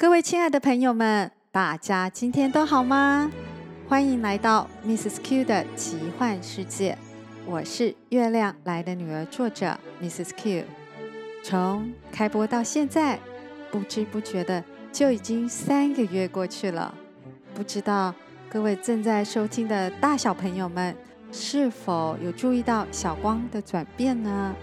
各位親愛的朋友們，大家今天都好嗎？歡迎來到 Mrs. Q 的奇幻世界。我是月亮來的女兒，作者 Mrs. Q。從開播到現在，不知不覺的就已經三個月過去了。不知道各位正在收聽的大小朋友們，是否有注意到小光的轉變呢？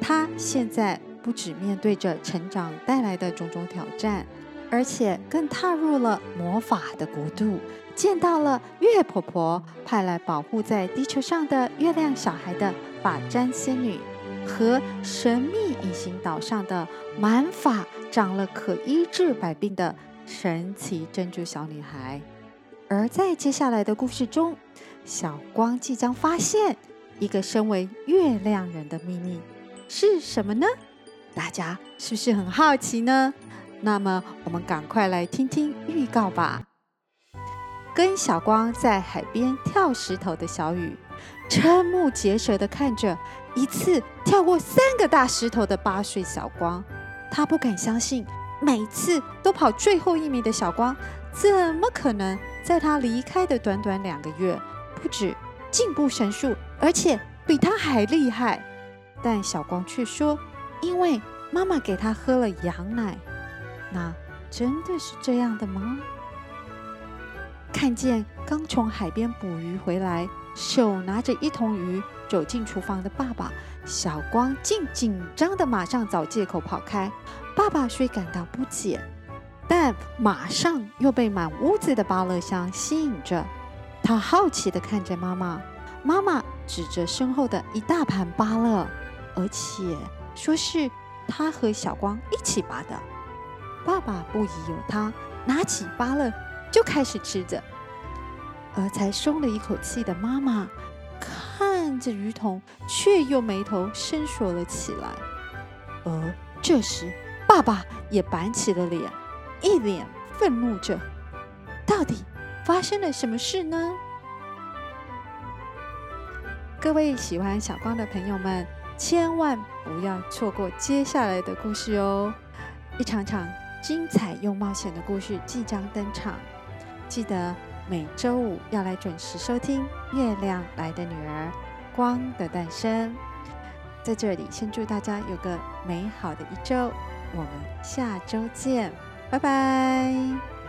她現在不只面對着成長帶來的種種挑戰，而且更踏入了魔法的國度，見到了月婆婆派來保護在地球上的月亮小孩的髮簪仙女，和神秘隱形島上的滿髮長了可醫治百病的神奇珍珠小女孩。而在接下來的故事中，小光即將發現一個身為月亮人的秘密，是什麼呢？大家是不是很好奇呢？那麼，我們趕快來聽聽預告吧。跟小光在海邊跳石頭的小雨，瞠目結舌的看着一次跳過三個大石頭的八歲小光，他不敢相信，每次都跑最後一名的小光，怎麼可能在他離開的短短兩個月，不止進步神速，而且比他還厲害？但小光卻說，因為媽媽給他喝了羊奶。那真的是這樣的嗎？看見剛從海邊捕魚回來，手拿着一桶魚走進廚房的爸爸，小光竟緊、緊張的馬上找借口跑開。爸爸雖感到不解，但馬上又被滿屋子的芭樂香吸引着，他好奇的看着媽媽。媽媽指着身後的一大盤芭樂，而且說是他和小光一起拔的。爸爸不疑有他，拿起芭樂就開始吃着。而才鬆了一口氣的媽媽，看着魚童，卻又眉頭深鎖了起來。而這時，爸爸也板起了臉，一臉憤怒着。到底發生了什麼事呢？各位喜歡小光的朋友們，千萬不要錯過接下來的故事哦！一場場精彩又冒險的故事即將登場，記得每週五要來準時收聽《月亮來的女兒》、《光的誕生》。在這裡，先祝大家有個美好的一周，我們下周見，拜拜。